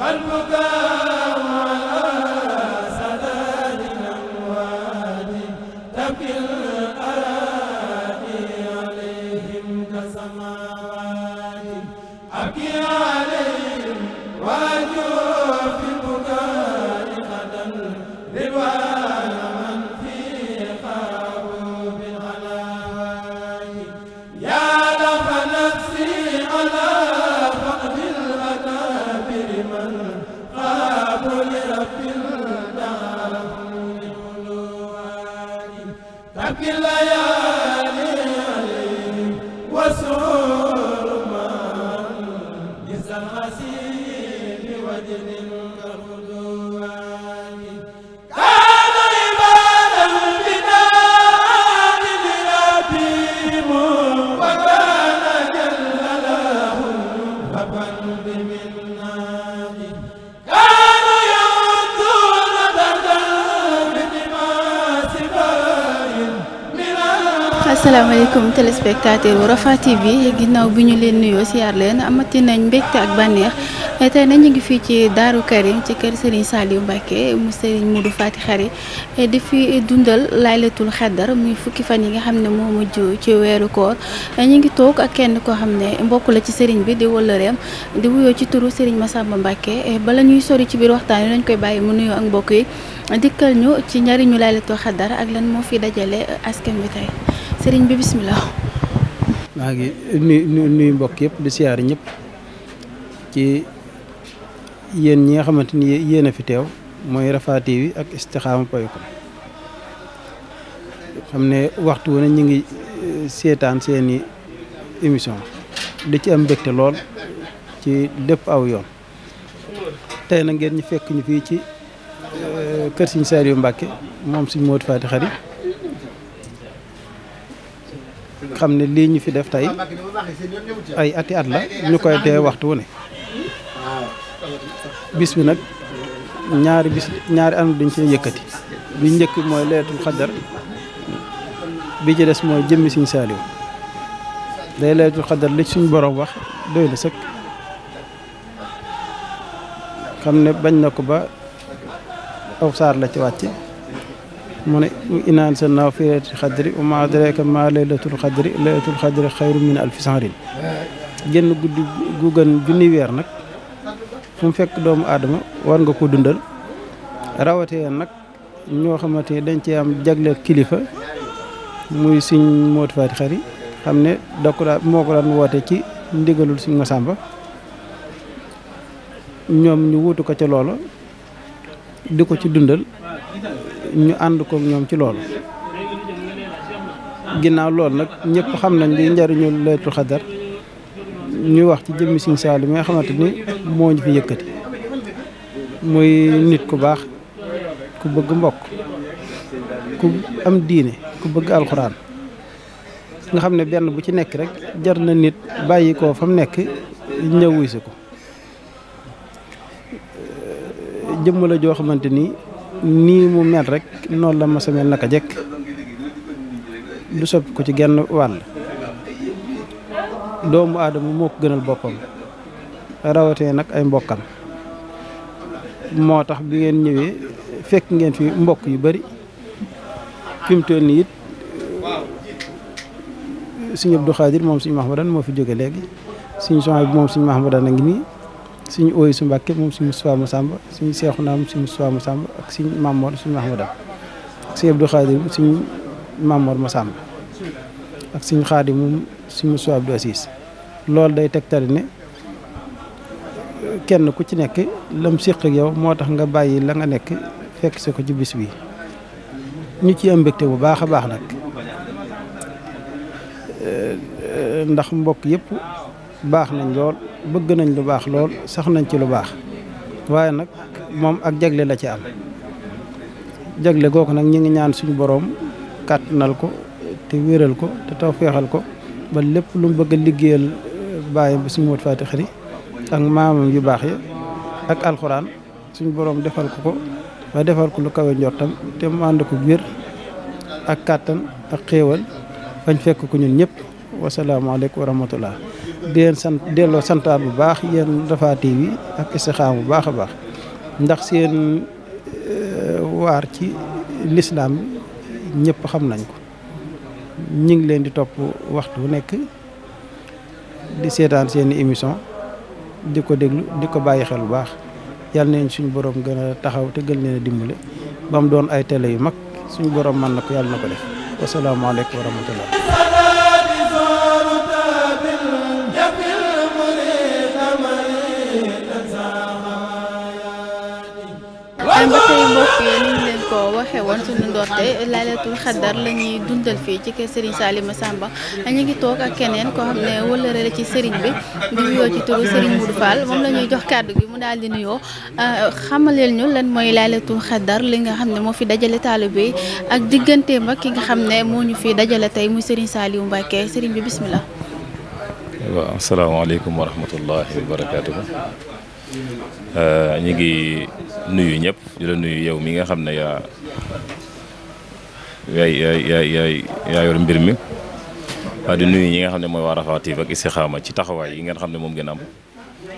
قلبك yaa asalaamaaleykum téléspectateur u Rafah TV ginnaaw bi ñu leen nuyoo siyaar leen amati nañ mbekk ak bànneex tey nag ñu ngi fii ci Daaru Karim ci kër Serigne Saliou Mbacké mu Serigne Modou Faty Khary di fi dundal laylatul xaddar muy fukki fan yi nga xam ne moo mujj ci weeru koor ñu ngi toog ak kenn koo xam ne mbokk la ci Serigne bi di wëllëreem di wuyoo ci turu Serigne Massamba Mbacké bala ñuy sori ci biir waxtaan yi dañ koy bàyyi mu nuyoo ak mbokk yi dikkal ñu ci njariñu laylatul xaddar ak lan moo fi dajale askan bi tey sëriñ bi bisimilah. maa ngi nuyu nuyu mbokk yëpp di siyaar ñëpp ci yéen ñi nga xamante ni yéen fi teew mooy Rafah TV ak Istikhama point com xam ne waxtu wu ne ñu ngi eh, seetaan seeni émission di ci am mbégte lool ci lépp aw yoon tey na ngeen ñu fekk ñu fii ci eh, kër Serigne yu Mbacke moom Serigne Modou Faty Khary xam ne lii ñu fi def tey ay ati at la ñu koy dee waxtu ne bis bi nag ñaari bis ñaari anam dañ cee yëkkati bi njëkk mooy leetul xadar bi ci des mooy jëmmi Sëriñ Saaliw day leetul xadar li suñ borom wax doy la sëkk xam ne bañ na ko ba aw saar la ci wàcc mu ne innaa anzalnaahu fii laylatil qadri wa maa adraaka maa laylatul qadri laylatul qadri xayrun min alfi shahrin génn guddi gu gën junni weer nag fu mu fekk doomu aadama war nga ko dundal rawatee nag ñoo xamante dañ ci am jagleel kilifa muy suñ Moodu Xari xam ne da daan moo ko daan woote ci ndigalul suñ Masamba ñoom ñu wuutu ko ca loola di ko ci dundal ñu ànd kook ñoom ci loolu ginnaaw lool nag ñépp xam nañ li njëriñu laytul xadar ñu wax ci jëmmi Sëriñ Saaliw mi nga xamante ni moo ñu fi yëkkati muy nit ku baax ku bëgg mbokk ku am diine ku bëgg alxuraan nga xam ne benn bu ci nekk rek jar na nit bàyyi ko fa mu nekk ñëw wuy si ko jëmm joo xamante ni nii mu mel rek noonu la mos a mel naka jekk du sopp ko ci genn wàll doomu aadama moo ko gënal boppam rawatee nag ay mbokkam moo tax bi ngeen ñëwee fekk ngeen fi mbokk yu bari fi mu toll nii it sëñ Abdou Khadir max ma Mahamadan moo fi jóge léegi suñ Sohayb bi moom suñ max sëñ daan a ngi nii suñu ooyu su Mbàkke moom suñu Moustapha Massamba suñu Seexuna moom suñu Moustapha Massamba ak suñu Mamoor suñu Mahmouda ak suñu Abdou Khadir moom suñu Mamoor ak suñ xaadi moom suñu Moustapha Abdou Aziz loolu day teg tegtali ne kenn ku ci nekk lam séq yow moo tax nga bàyyi la nga nekk fekk si ko ci bis bi ñu ci am mbégte bu baax a baax nag eh, eh, ndax mbokk yëpp baax nañ lool bëgg nañ lu baax lool sax nañ ci lu baax waaye nag moom ak jagle la ci am jagle googu nag ñu ngi ñaan suñu boroom kàttanal ko te wéral ko te tawféexal ko ba lépp lu mu bëgg a liggéeyal euh, bàyyi bi suñu mot faati xëri ak maamam yu baax yi ak alxuraan suñu boroom defal ko ko ba defal ko lu kawe njortam te mu ànd ko wér ak kàttan ak xéewal bañ fekk ko ñun ñëpp wasalaamaaleykum wa rahmatullah di sant delloo santaat bu baax yéen Rafah TV ak Istikhama bu baax a baax ndax seen euh, waar ci lislaam ñëpp xam nañ ko ñu ngi leen di topp waxtu bu nekk di seetaan seeni émission di ko déglu di ko bàyyi xel bu baax yàlla neen suñu borom gën a taxaw te gën leen a dimbale ba mu doon ay tele yu mag suñu boroom man na ko yàlla na ko def wasalaamaaleykum wa rahmatullah ba tey mbokk yi ñu leen ko waxee woon suñu ndoorte Laylatul Qadr la ñuy dundal fii ci kër Serigne Saliou Massamba ñu ngi toog ak keneen koo xam ne wëllëre la ci sëriñ bi di nuyoo ci moom la jox kàddu gi mu daal di nuyoo euh, xamaleel ñu leen mooy Laylatul Qadr li nga xam ne moo fi dajale taalibe bi ak digganteem ak ki nga xam ne moo ñu fi dajale tey muy Serigne Saliou Mbacké Serigne bi bismillah. waaw asalaamaaleykum wa rahmatullahi wa barakaatuhu euh, ñu ngi. nuyu ñëpp di la nuyu yow mi nga xam ne yaa yaay yaay yaa yor mbir mi waaye di nuyu ñi nga xam ne mooy waa Rafah TV ak Istikhama ci taxawaay yi ngeen xam ne moom ngeen am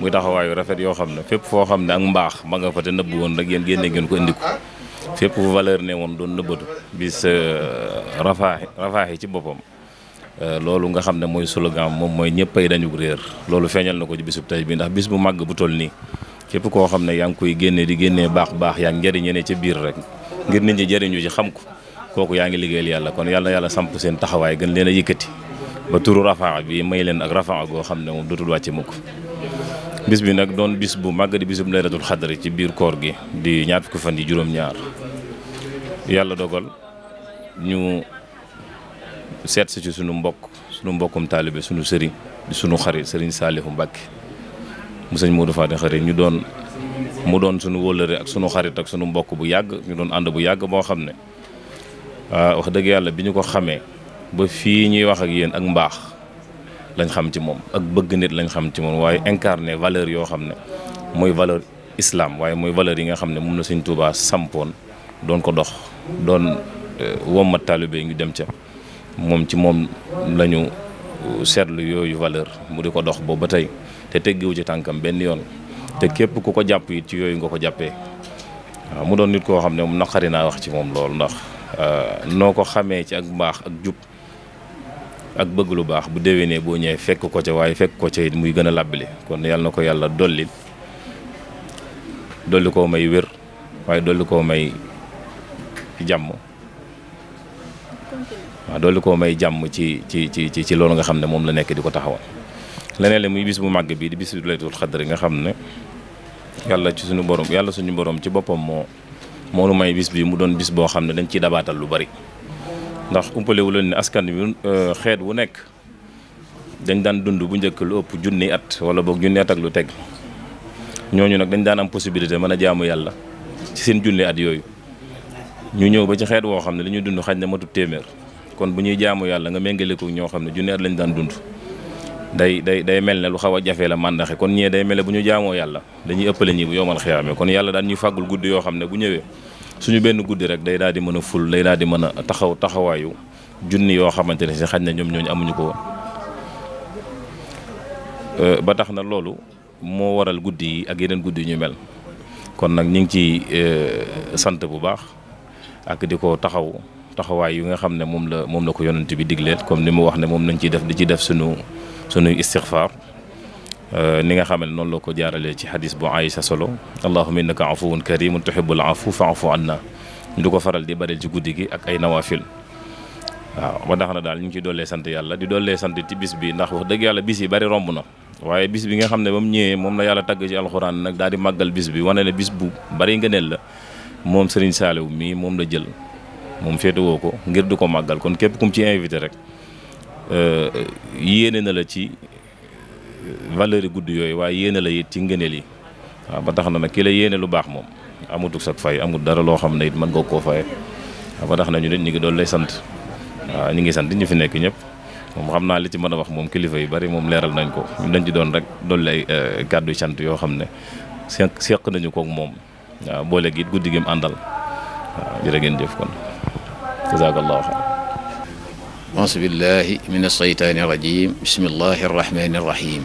muy taxawaayu rafet yoo xam ne fépp foo xam ne ak mbaax ma nga fa te nëbbu woon rek yéen génne ngeen ko indi ko fu valeur ne woon doon nëbbatu bis euh, Rafah Rafah yi ci boppam. Euh, loolu nga xam ne mooy slogan moom mooy ñëpp ay dañu réer loolu feeñal na ko ci bisub tey bi ndax bis bu màgg bu toll nii. képp koo xam ne yaa ngi koy génne di génne baax baax yaa ngi njëriñe ne ca biir rek ngir nit ñi jëriñu ci xam ko kooku yaa ngi liggéeyal yàlla kon yàlla yàlla samp seen taxawaay gën leen a yëkkati ba turu rafaa bi may leen ak rafaa goo xam ne moom dootul wàcce mukk bis bi nag doon bis bu màgg di bisub laylatul xadri ci biir koor gi di ñaar fukki fan yi juróom-ñaar yàlla dogal ñu seet si sunu mbokk sunu mbokkum taalibe sunu sëriñ sunu xarit sëriñ Saalihu Mbàkke mu sëñ Modou Fati xarit ñu doon mu doon suñu wóllëre ak suñu xarit ak suñu mbokk bu yàgg ñu doon ànd bu yàgg boo xam ne ah, wax dëgg yàlla bi ñu ko xamee ba fii ñuy wax ak yéen ak mbaax lañ xam ci moom ak bëgg nit lañ xam ci moom waaye incarné valeur yoo xam ne mooy valeur islam waaye mooy valeur yi nga xam ne moom na sëñ Touba sampoon doon ko dox doon eh, wommat taalibe yi ñu dem ca moom ci moom lañu seetlu yooyu valeur mu di ko dox boobu ba tey te teggiwu ci tànkam benn yoon te képp ku ko jàpp it ci yooyu nga ko jàppee mu doon nit koo xam ne mu naqari naa wax ci moom loolu ndax euh, noo ko xamee ci ak mbaax ak jub ak bëgg lu baax bu déwénee boo ñëwee fekk ko ca waaye fekk ko ca it muy gën a làbbali kon yàlla na ko yàlla dolli dolli koo may wér waaye dolli koo may jàmm waaw koo may jàmm ci ci ci ci loolu nga xam ne moom la nekk di ko taxawal leneen la muy bis bu màgg bii di bis bu laytul xadri nga xam ne yàlla ci suñu borom yàlla suñu borom ci boppam moo moo nu may bis bi mu doon bis boo xam ne dañ ciy dabaatal lu bari ndax umpale wu leen ne askan bi euh, xeet wu nekk dañ daan dund bu njëkk lu ëpp junni at wala boog junni at ak lu teg ñooñu nag dañ daan am possibilité mën a jaamu yàlla ci seen junni at yooyu ñu ñëw ba ci xeet woo xam ne li ñuy dund xaj ne matut téeméer kon bu ñuy jaamu yàlla nga méngale ñoo xam ne junni at lañ daan dund. day day day mel ne lu xaw a jafe la màndaxe kon ñee day mel ne bu ñu jaamoo yàlla dañuy ëppale ñi bu yomal xiyaame kon yàlla daan ñuy fàggul guddi yoo xam ne bu ñëwee suñu benn guddi rek day daal di mën a ful day daal di mën a taxaw taxawaayu junni yoo xamante ne si xaj na ñoom ñooñu amuñu ko euh, ba tax na loolu moo waral guddi yi ak yeneen guddi yu ñu mel kon nag ñu ngi ci euh, sant bu baax ak di ko taxaw taxawaay yu nga xam ne moom la moom la ko yonent bi digleel comme ni mu wax ne moom nañ ciy def di ci def suñu sunuy istixfaar euh, ni nga xam ne noonu la ko jaaralee ci xadis bu sa solo allahumma innaka afuwun karimun tuhibbul afu fa'fu anna ñu du ko faral di baril ci guddi gi ak ay nawaafil waaw ba tax na daal ñu ci ciy sant yàlla di doolee sant ci bis bi ndax wax dëgg yàlla bis yi bari romb na waaye bis bi nga xam ne ba mu ñëwee moom la yàlla tàgg ci alxuraan nag daa di màggal bis bi wane ne bis bu bari ngëneel la moom Serigne Saliou mii moom la jël moom féetewoo ko ngir du ko màggal kon képp kum ci invité rek Euh, yéene na la ci euh, valeur guddi yooyu waaye yéene la yit ci ngëneel yi waaw ba tax na nag ki la yéene lu baax moom amutuk sak fay amut dara loo xam ne it mën nga koo faye waaw ba tax na ñu nit ñu ngi doon lay sant waaw ñu ngi sant ñu fi nekk ñëpp moom xam naa li ci mën a wax moom kilifa yu bari moom leeral nañ ko ñun dañ ci doon rek doon lay euh, kàddu sant yoo xam ne seq seq nañu koog moom waaw boole gi guddi gi àndal waaw jërë ngeen jëf kon jazakallahu auzu billahi min alsheytaani irajim bismillahi arrahmani irrahim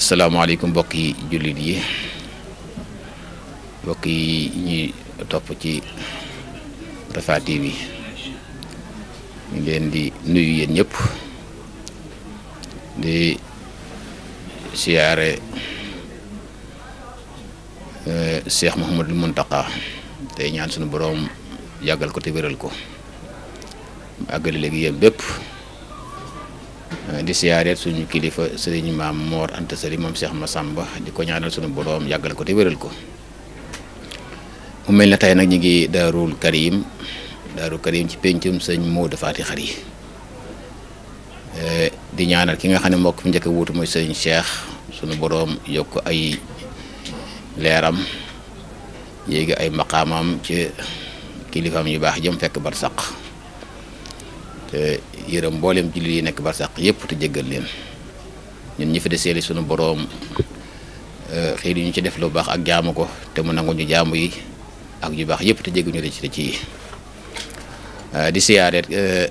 asalaamaaleykum mbokk yi jullit yi mbokk yi ñuy topp ci Rafah TV bi ñu di nuyu yéen ñëpp di siyaare eh, Cheikh Mouhamadul Mountakha tey ñaan sunu boroom yàggal ko te wéral ko àggale léegi yéen bépp di siyaareet suñu kilifa sëriñ maam Mor Anta Sali moom Cheikh Massamba di ko ñaanal suñu boroom yàggal ko te wéral ko mu mel na tey nag ñu ngi daarul karim daarul karim ci péncum sëñ Modou Faty Khary di ñaanal ki nga xam ne mbokk mi njëkk a wuutu mooy sëriñ Cheikh suñu boroom yokk ay leeram yéegi ay maqaamam ci kilifaam yu baax jëm fekk barsaq te yërëm mboolem jullit yi nekk barsaq yëpp te jëggal leen ñun ñu fi de seeli sunu boroom euh, xëy ñu ci def lu baax ak jaamu ko te mu nangu ñu jaamu yi ak yu baax yëpp te jégguñu la ci ci di siyaare euh,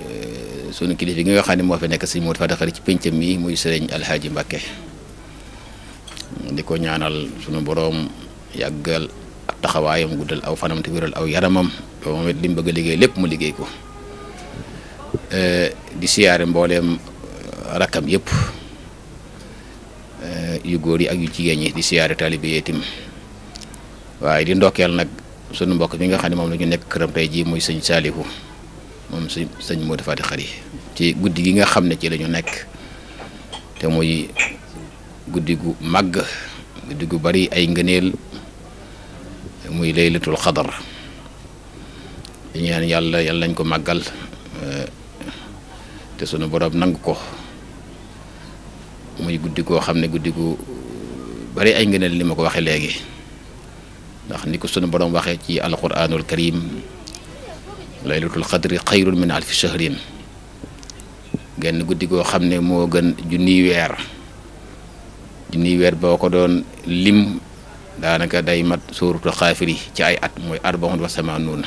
euh, sunu kilifa gi nga xam ne moo fi nekk si Modou Fata xarit ci pëncam yi muy sëriñ Alxaaji Mbàkke di ko ñaanal sunu boroom yàggal. taxawaayam guddal aw fanam te wéral aw yaramam ba moom it li mu bëgg a liggéey lépp mu liggéey ko euh, di siyaare mbooleem rakkam yëpp euh, yu góor yi ak yu jigéen ñi di siyaare taalibe yi waaye di ndokkeel nag sunu mbokk mi nga xam ne moom lañu nekk këram tey jii muy sëñ Saalihu moom sëñ sëñ Modou Fati Xari ci guddi gi nga xam ne ci la nekk te muy guddi gu màgg guddi gu bari ay ngëneel muy laylatul xadar di ñaan yàlla yàlla nañ ko màggal eh, te sunu borom nangu ko muy guddi koo xam ne guddi gu bari ay ngëneel li ma ko waxee léegi ndax ni ko sunu borom waxee ci alquranul karim laylatul xadri xayrun min alfi shahrin genn guddi koo xam ne moo gën junni weer junniy weer boo ko doon lim. daanaka day mat suuratu xaafir yi ci ay at mooy arbaxun wa samaanuuna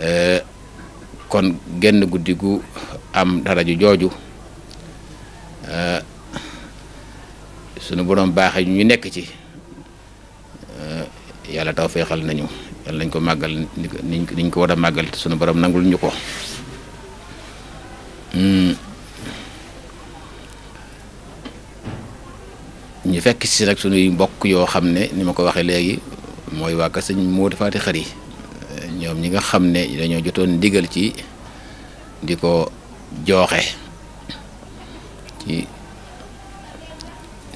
eh, kon genn guddi gu am dara ju jooju eh, sunu borom baaxee ñu nekk ci eh, yàlla taw feexal nañu yàlla nañ ko màggal niñ ko niñ ko war a màggal sunu borom nangul ñu ko. fekk si nag sunuy mbokk yoo xam ne ni ma ko waxee léegi mooy waa Kër sëñ moo Faty Khary ñoom ñi nga xam ne dañoo jotoon ndigal ci di ko jooxe ci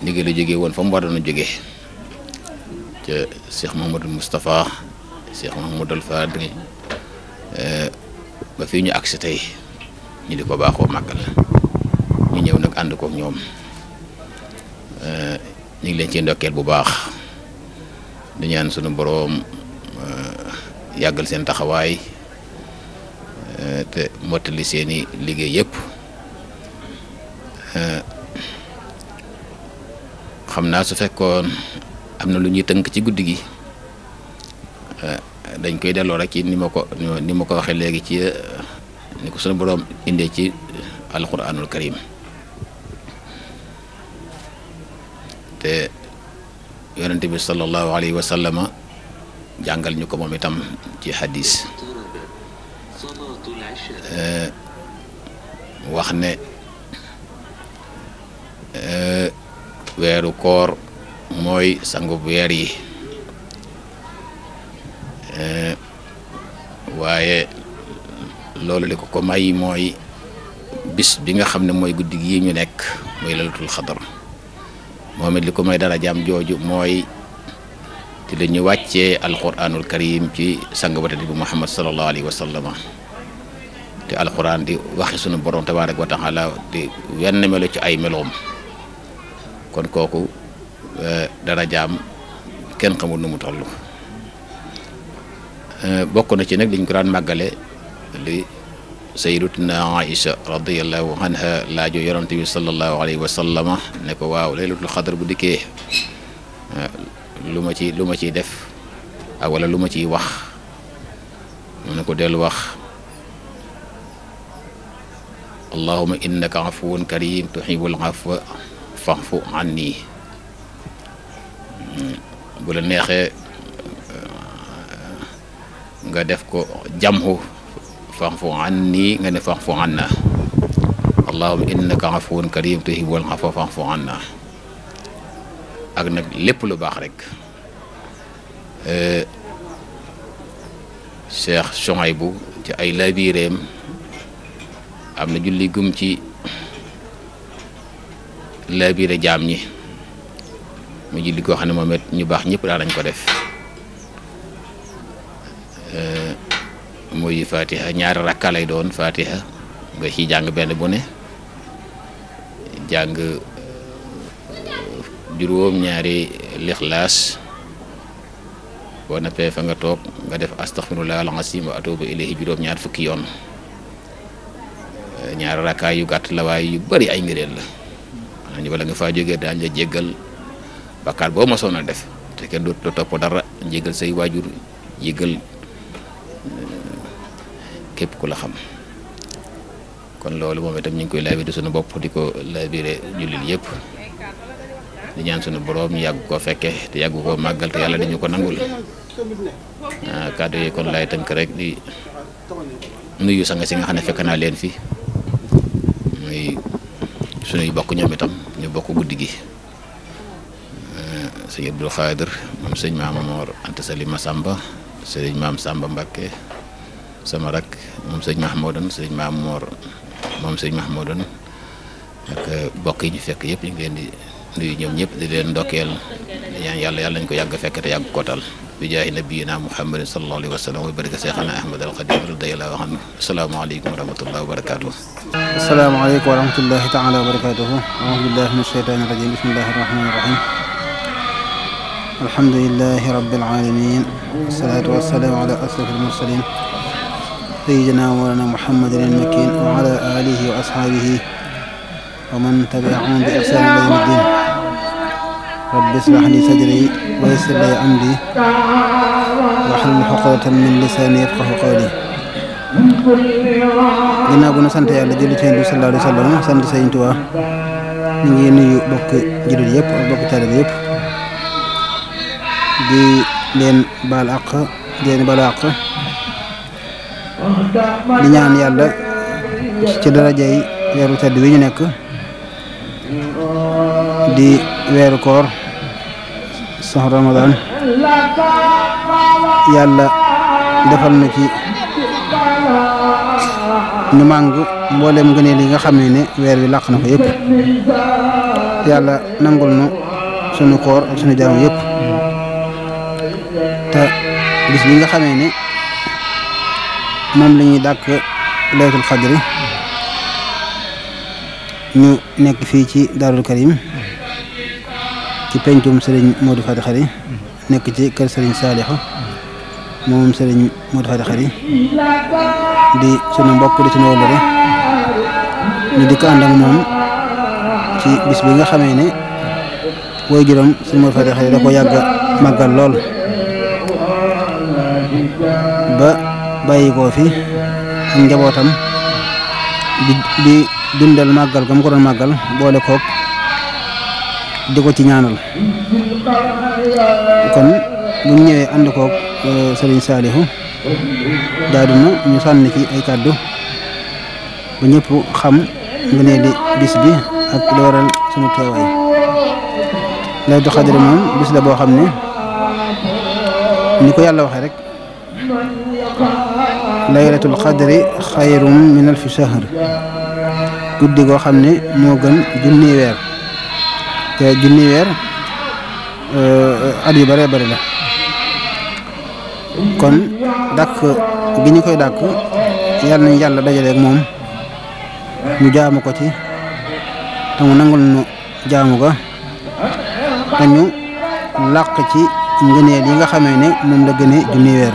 ndigal lu jóge woon fa mu waroon a jóge ca Cheikh Mouhamadou Moustapha Cheikh Mouhamadou Fadri eh, ba fii ñu agsi tey ñu di ko baaxoo màggal ñu ñëw nag ànd kook ñoom eh, ñu ngi leen ci ndokkeel bu baax di ñaan sunu boroom euh, yàggal seen taxawaay euh, te mottali seeni liggéey yépp euh, xam naa su fekkoon am na lu ñuy tënk ci guddi gi dañ koy delloo rek ci ni ma ko ni ma ko waxee léegi ci ni ko sunu boroom indee ci alxuraanul karim te yonent bi sallallahu alayhi wa sallama jàngal ñu ko moom itam ci hadis eh, wax ne eh, weeru koor mooy sangub weer yi eh, waaye loolu li ko ko may mooy bis bi nga xam ne mooy guddi gi ñu nekk mooy lalatul xadar moom it li ko moy dara jaam jooju mooy ci la ñu wàccee alquranul karim ci sang batati bu muhammad sallallahu alayhi wa sallama te alquran di waxi sunu borom tabaaraka wa taala di wenn melo ci ay meloom kon kooku eh, dara jaam kenn xamul nu mu toll eh, bokk na ci nag dañ ko daan màggale sayyidatina Aïcha radiyallahu anha laajo yonante bi ne ko waaw laylatul xadar bu dikkee lu ma ci lu ma ciy def ak wala lu ma ciy wax mu ne ko dellu wax allahuma innaka afuwun karim tuhibbul afwa fa'fu anni bu la neexee nga def ko jamhu fa'fu nii nga ne fa'fu anna allahumma innaka afuwwun kariim tuhibbul afwa fa'fu anna ak nag lépp lu baax rek euh, Cheikh bu ci ay labiréem am na julli gum ci labiré jaam ñi mu julli koo xam ne moom ñu baax ñëpp daan nañ ko def muy fatiha ñaari rakka lay doon fatiha nga ci jàng benn bu ne jàng euh, juróom ñaari lixlaas boo nappee fa nga toog nga def astaxfirullah al-azim wa atuubu ilayhi juróom ñaar fukki yoon euh, ñaari rakkaay yu gàtt la waaye yu bari ay ngëneel la maanaam ñu bala nga faa jógee daañ la jéggal bakkaar boo mosoon a def te kenn du topp dara jéggal say waajur jéggal képp ku la xam kon loolu moom itam ñu ngi koy laabire sunu bopp di ko laabire jullit yëpp di ñaan sunu boroom ñu yàgg koo fekke te yàgg koo màggal te yàlla dañu ko nangul ah, kàddu yi kon laay tënk rek di nuyu si nga fekk naa leen fi muy sunuy bokk ñoom itam ñu bokk guddi gi ah, sëñ Abdul Xaadir moom sëñ maam Mor Anta Sali Masamba sëñ maam Samba Mbàkke sama rak moom sëñ Mahmoudan sëñ Maam Moor moom sëñ Mahmoudan ak euh, bokk yi ñu fekk yëpp ñu ngi leen di nuyu ñoom ñëpp di leen ndokkeel di ñaan yàlla yàlla nañu ko yàgg fekk te yàgg kootal bi jaahi nabiyina muhammadin sallallahu alayhi wa sallam wa baraka seexana ahmad al xadim radiyallahu anhu asalaamaaleykum wa rahmatullahi wa barakatuh asalaamaaleykum wa rahmatullahi taala wa barakatuhu auzu billahi min asheytaani rajim bismillahi rahmani rahim alhamdulilahi rabbil alamin wasalaatu wasalaamu ala ashraf al mursalin سيدنا مولانا محمد المكين وعلى آله وأصحابه ومن تبعهم بإحسان إلى يوم الدين رب اشرح لي صدري ويسر لي أمري واحلل عقدة من لساني يفقه قولي ginnaaw bu nu sant yàlla julli ci Yonent bi sallallahu alayhi wa sallam sant Sëriñ Tuubaa ñu ngi nuyu bokk di leen baal di ñaan yàlla ci daraja yi weeru tedd wi ñu nekk di weeru koor sax ramadan yàlla defal na ci ñu màng mboolem gënee li nga xam ne ne weer wi làq na ko yëpp yàlla nangul nu sunu koor ak sunu jaamu yëpp te bis bi nga xamee ne moom lañuy ñuy dàkk laylatul xadri ñu nekk fii ci daarul karim ci pencum sëriñ Modou Fati Xari nekk ci kër sëriñ Saalixu moom sëriñ Modou Fati Xari di sunu mbokk di sunu wóllare ñu di ko ànd ak moom ci bis bi nga xamee ne woy juróom sëriñ Modou Fati Xari da ko yàgg màggal lool bàyyi koo fi ak njabootam di di dundal màggal ga mu ko doon màggal boole koog di ko ci ñaanal kon bu ñu ñëwee ànd koog e, Serigne Saliou ñu sànni ci ay kàddu ba ñëpp xam nga ne di bi ak li waral sunu teewaay Laylatul Qadr moom bis boo xam ni ni ko yàlla waxee rek. laylatul xadri xayrum min alfi shahr guddi goo xam ne moo gën junni weer te junni weer euh, at yu bëree bëri la kon dàkk bi ñu koy dàkk yàlla nañ yàlla dajaleeg moom ñu jaamu ko ci te mu nangul nu jaamu ga dañu làq ci ngëneel yi nga xamee ne moom la gënee junni weer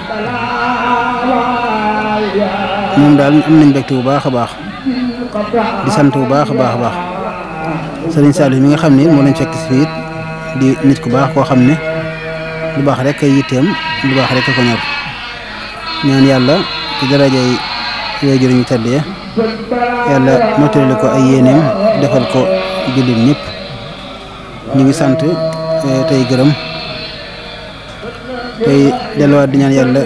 moom daal am nañ mbégte bu baax a baax di sant bu baax a baax a baax sëriñ Saliou mi nga xam ni moo lañ fekk si it di nit ku baax koo xam ne lu baax rek ay yitteem lu baax rek ko ñor ñaan yàlla ci darajay waajur ñu tëddee yàlla tele ko ay yéeneem defal ko jullit ñëpp ñu ngi sant eh, tey gërëm. tey delluwaat di ñaan yàlla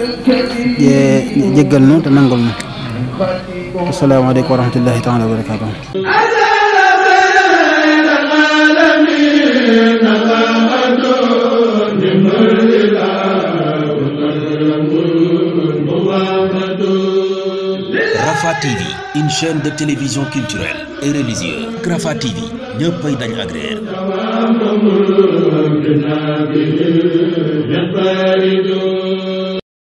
jéggal nu te nangul nu asalaamaaleykum wa rahmatullahi taala wa barakaatuh Rafah TV, une chaîne de télévision culturelle et religieuse. Rafah TV ñëppay dañ agréer bi